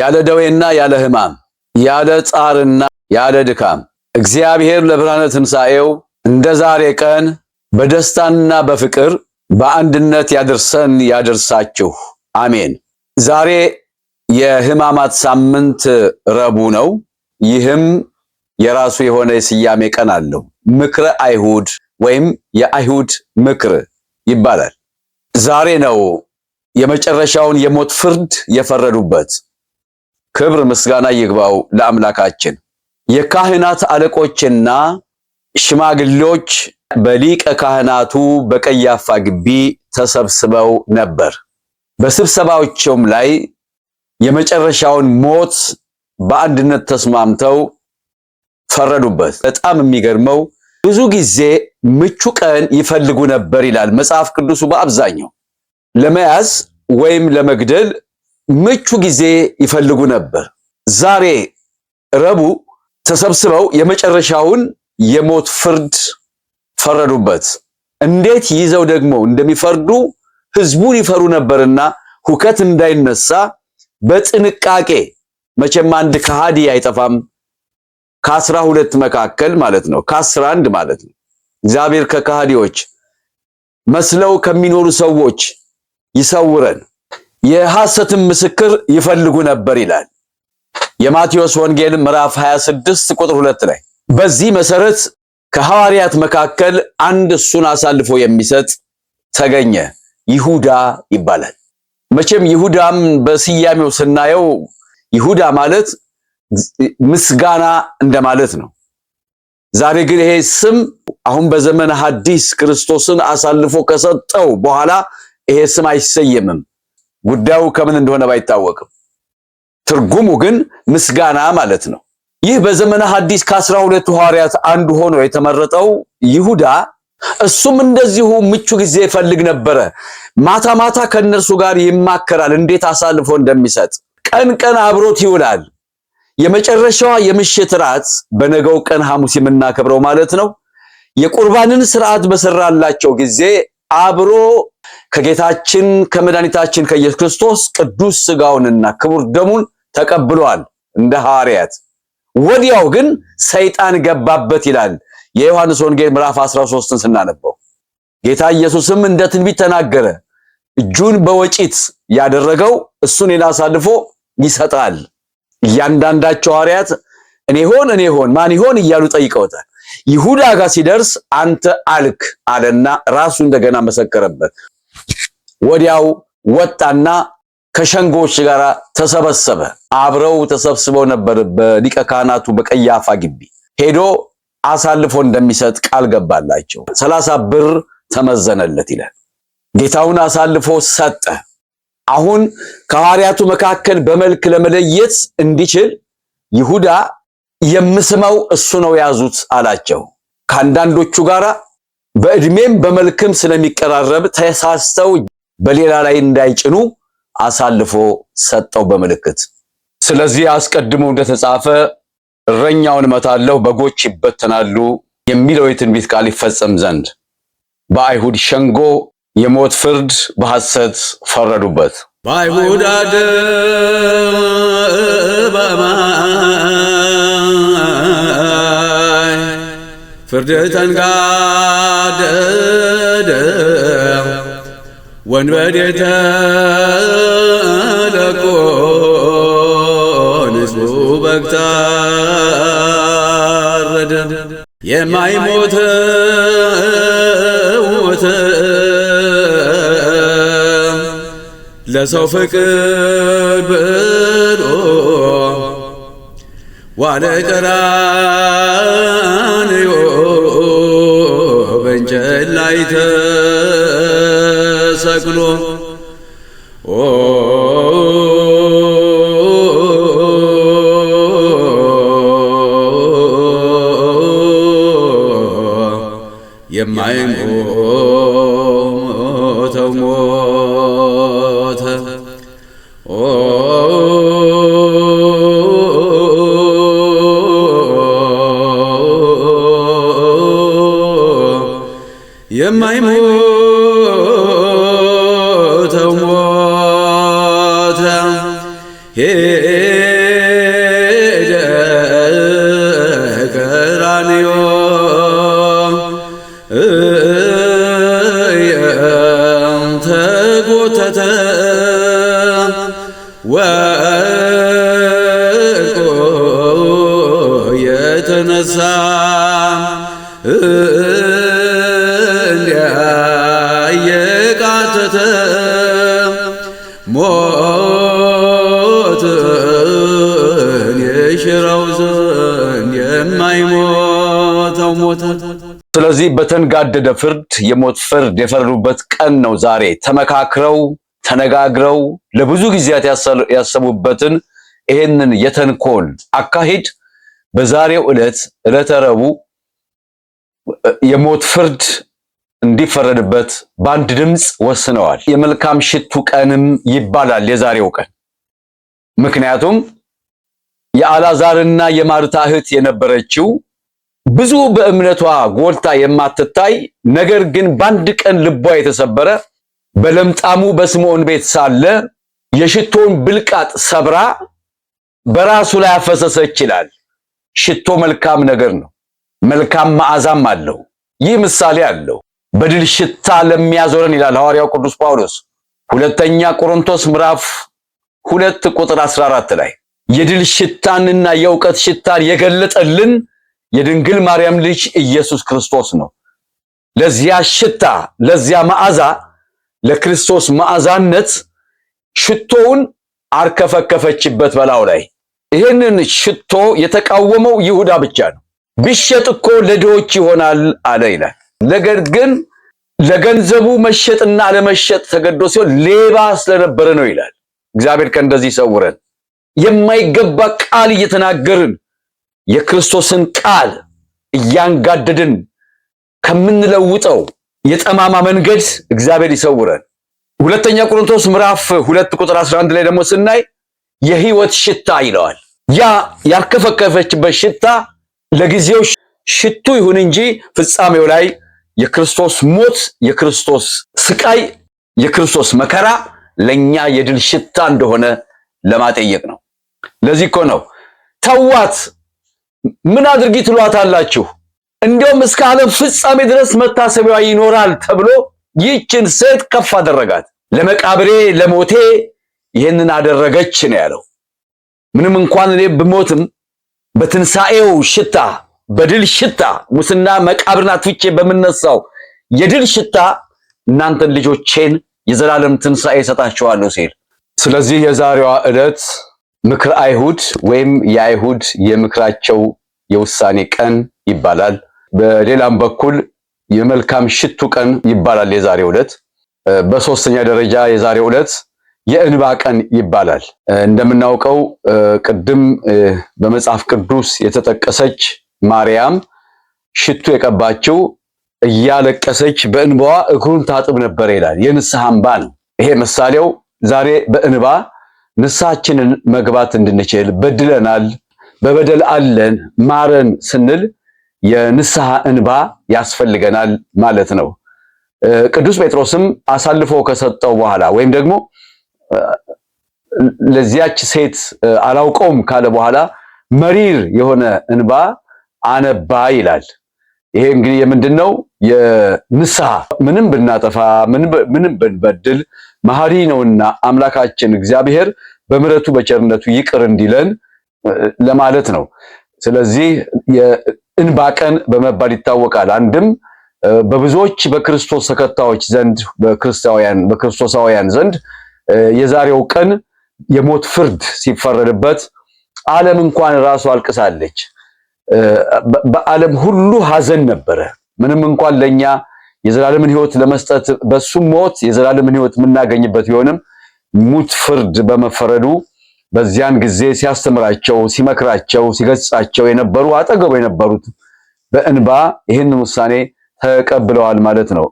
ያለ ደዌና ያለ ሕማም ያለ ጻርና ያለ ድካም እግዚአብሔር ለብርሃነ ትንሣኤው እንደ ዛሬ ቀን በደስታና በፍቅር በአንድነት ያደርሰን ያደርሳችሁ፣ አሜን። ዛሬ የሕማማት ሳምንት ረቡዕ ነው። ይህም የራሱ የሆነ የስያሜ ቀን አለው። ምክረ አይሁድ ወይም የአይሁድ ምክር ይባላል። ዛሬ ነው የመጨረሻውን የሞት ፍርድ የፈረዱበት ክብር ምስጋና ይግባው ለአምላካችን። የካህናት አለቆችና ሽማግሌዎች በሊቀ ካህናቱ በቀያፋ ግቢ ተሰብስበው ነበር። በስብሰባዎቸውም ላይ የመጨረሻውን ሞት በአንድነት ተስማምተው ፈረዱበት። በጣም የሚገርመው ብዙ ጊዜ ምቹ ቀን ይፈልጉ ነበር ይላል መጽሐፍ ቅዱሱ። በአብዛኛው ለመያዝ ወይም ለመግደል ምቹ ጊዜ ይፈልጉ ነበር። ዛሬ ረቡዕ ተሰብስበው የመጨረሻውን የሞት ፍርድ ፈረዱበት። እንዴት ይዘው ደግሞ እንደሚፈርዱ ህዝቡን ይፈሩ ነበርና ሁከት እንዳይነሳ በጥንቃቄ መቼም አንድ ከሃዲ አይጠፋም። ከአስራ ሁለት መካከል ማለት ነው፣ ከአስራ አንድ ማለት ነው። እግዚአብሔር ከካሃዲዎች መስለው ከሚኖሩ ሰዎች ይሰውረን። የሐሰትን ምስክር ይፈልጉ ነበር ይላል የማቴዎስ ወንጌል ምዕራፍ 26 ቁጥር 2 ላይ። በዚህ መሰረት ከሐዋርያት መካከል አንድ እሱን አሳልፎ የሚሰጥ ተገኘ፣ ይሁዳ ይባላል። መቼም ይሁዳም በስያሜው ስናየው ይሁዳ ማለት ምስጋና እንደማለት ነው። ዛሬ ግን ይሄ ስም አሁን በዘመነ ሐዲስ ክርስቶስን አሳልፎ ከሰጠው በኋላ ይሄ ስም አይሰየምም። ጉዳዩ ከምን እንደሆነ ባይታወቅም ትርጉሙ ግን ምስጋና ማለት ነው። ይህ በዘመነ ሐዲስ ከአስራ ሁለቱ ሐዋርያት አንዱ ሆኖ የተመረጠው ይሁዳ እሱም እንደዚሁ ምቹ ጊዜ ይፈልግ ነበረ። ማታ ማታ ከእነርሱ ጋር ይማከራል፣ እንዴት አሳልፎ እንደሚሰጥ። ቀን ቀን አብሮት ይውላል። የመጨረሻዋ የምሽት ራት በነገው ቀን ሐሙስ የምናከብረው ማለት ነው። የቁርባንን ስርዓት በሰራላቸው ጊዜ አብሮ ከጌታችን ከመድኃኒታችን ከኢየሱስ ክርስቶስ ቅዱስ ስጋውንና ክቡር ደሙን ተቀብሏል እንደ ሐዋርያት። ወዲያው ግን ሰይጣን ገባበት ይላል የዮሐንስ ወንጌል ምዕራፍ 13ን ስናነበው ጌታ ኢየሱስም እንደ ትንቢት ተናገረ። እጁን በወጪት ያደረገው እሱን ሌላ አሳልፎ ይሰጣል። እያንዳንዳቸው ሐዋርያት እኔ ሆን እኔ ሆን ማን ይሆን እያሉ ጠይቀውታል። ይሁዳ ጋር ሲደርስ አንተ አልክ አለና ራሱ እንደገና መሰከረበት። ወዲያው ወጣና ከሸንጎዎች ጋር ተሰበሰበ። አብረው ተሰብስበው ነበር በሊቀ ካህናቱ በቀያፋ ግቢ። ሄዶ አሳልፎ እንደሚሰጥ ቃል ገባላቸው። ሰላሳ ብር ተመዘነለት ይላል። ጌታውን አሳልፎ ሰጠ። አሁን ከሐዋርያቱ መካከል በመልክ ለመለየት እንዲችል ይሁዳ የምስመው እሱ ነው ያዙት አላቸው። ከአንዳንዶቹ ጋር በእድሜም በመልክም ስለሚቀራረብ ተሳስተው በሌላ ላይ እንዳይጭኑ አሳልፎ ሰጠው በምልክት። ስለዚህ አስቀድሞ እንደተጻፈ እረኛውን እመታለሁ፣ በጎች ይበተናሉ የሚለው የትንቢት ቃል ይፈጸም ዘንድ በአይሁድ ሸንጎ የሞት ፍርድ በሐሰት ፈረዱበት። በአይሁድ አደባባይ ፍርድ ተንጋደደ ወንበዴታ ለቆን ሞተ ለሰው ፍቅር ብሎ ዋለ ቀራንዮ በእንጨት ላይ ተ የማይሞተው ሞተ የማይሞ የአንተ ጎተተ ወድቆ የተነሳ እንዲያየቃተተ ሞትን የሽረው ዘንድ የማይሞተው ሞተ ስለዚህ በተንጋደደ ፍርድ የሞት ፍርድ የፈረዱበት ቀን ነው ዛሬ። ተመካክረው ተነጋግረው ለብዙ ጊዜያት ያሰቡበትን ይህንን የተንኮል አካሂድ በዛሬው ዕለት ዕለተ ረቡዕ የሞት ፍርድ እንዲፈረድበት በአንድ ድምፅ ወስነዋል። የመልካም ሽቱ ቀንም ይባላል የዛሬው ቀን። ምክንያቱም የአልዓዛርና የማርታ እህት የነበረችው ብዙ በእምነቷ ጎልታ የማትታይ ነገር ግን በአንድ ቀን ልቧ የተሰበረ በለምጣሙ በስምዖን ቤት ሳለ የሽቶን ብልቃጥ ሰብራ በራሱ ላይ አፈሰሰች ይላል። ሽቶ መልካም ነገር ነው፣ መልካም መዓዛም አለው። ይህ ምሳሌ አለው በድል ሽታ ለሚያዞረን ይላል ሐዋርያው ቅዱስ ጳውሎስ ሁለተኛ ቆሮንቶስ ምዕራፍ ሁለት ቁጥር 14 ላይ የድል ሽታንና የእውቀት ሽታን የገለጠልን የድንግል ማርያም ልጅ ኢየሱስ ክርስቶስ ነው። ለዚያ ሽታ ለዚያ መዓዛ ለክርስቶስ መዓዛነት ሽቶውን አርከፈከፈችበት በላው ላይ። ይህንን ሽቶ የተቃወመው ይሁዳ ብቻ ነው። ቢሸጥ እኮ ለድሆች ይሆናል አለ ይላል። ነገር ግን ለገንዘቡ መሸጥና አለመሸጥ ተገዶ ሲሆን ሌባ ስለነበረ ነው ይላል። እግዚአብሔር ከእንደዚህ ይሰውረን። የማይገባ ቃል እየተናገርን የክርስቶስን ቃል እያንጋደድን ከምንለውጠው የጠማማ መንገድ እግዚአብሔር ይሰውረን። ሁለተኛ ቆሮንቶስ ምዕራፍ ሁለት ቁጥር 11 ላይ ደግሞ ስናይ የህይወት ሽታ ይለዋል። ያ ያርከፈከፈችበት ሽታ ለጊዜው ሽቱ ይሁን እንጂ ፍጻሜው ላይ የክርስቶስ ሞት፣ የክርስቶስ ስቃይ፣ የክርስቶስ መከራ ለእኛ የድል ሽታ እንደሆነ ለማጠየቅ ነው። ለዚህ እኮ ነው ተዋት ምን አድርጊ ትሏታላችሁ? እንዲያውም እስከ ዓለም ፍጻሜ ድረስ መታሰቢያ ይኖራል ተብሎ ይህችን ሴት ከፍ አደረጋት። ለመቃብሬ ለሞቴ ይህንን አደረገች ነው ያለው። ምንም እንኳን እኔ ብሞትም በትንሣኤው ሽታ በድል ሽታ ሙስና መቃብርን አትፍቼ በምነሳው የድል ሽታ እናንተን ልጆቼን የዘላለም ትንሣኤ እሰጣችኋለሁ ሲል ስለዚህ የዛሬዋ ዕለት ምክር አይሁድ ወይም የአይሁድ የምክራቸው የውሳኔ ቀን ይባላል። በሌላም በኩል የመልካም ሽቱ ቀን ይባላል የዛሬ ዕለት። በሶስተኛ ደረጃ የዛሬ ዕለት የእንባ ቀን ይባላል። እንደምናውቀው ቅድም በመጽሐፍ ቅዱስ የተጠቀሰች ማርያም ሽቱ የቀባችው እያለቀሰች በእንባዋ እግሩን ታጥብ ነበር ይላል። የንስሐ እንባ ነው ይሄ ምሳሌው። ዛሬ በእንባ ንስሐችንን መግባት እንድንችል በድለናል፣ በበደል አለን፣ ማረን ስንል የንስሐ እንባ ያስፈልገናል ማለት ነው። ቅዱስ ጴጥሮስም አሳልፎ ከሰጠው በኋላ ወይም ደግሞ ለዚያች ሴት አላውቀውም ካለ በኋላ መሪር የሆነ እንባ አነባ ይላል። ይሄ እንግዲህ የምንድን ነው? የንስሐ ምንም ብናጠፋ ምንም ብንበድል መሐሪ ነውና አምላካችን እግዚአብሔር በምሕረቱ በቸርነቱ ይቅር እንዲለን ለማለት ነው። ስለዚህ የእንባ ቀን በመባል ይታወቃል። አንድም በብዙዎች በክርስቶስ ተከታዮች ዘንድ በክርስቲያውያን በክርስቶሳውያን ዘንድ የዛሬው ቀን የሞት ፍርድ ሲፈረድበት ዓለም እንኳን ራሱ አልቅሳለች። በዓለም ሁሉ ሐዘን ነበረ። ምንም እንኳን ለኛ የዘላለምን ሕይወት ለመስጠት በሱ ሞት የዘላለምን ሕይወት የምናገኝበት ቢሆንም ሙት ፍርድ በመፈረዱ በዚያን ጊዜ ሲያስተምራቸው፣ ሲመክራቸው፣ ሲገጻቸው የነበሩ አጠገቡ የነበሩት በእንባ ይህንን ውሳኔ ተቀብለዋል ማለት ነው።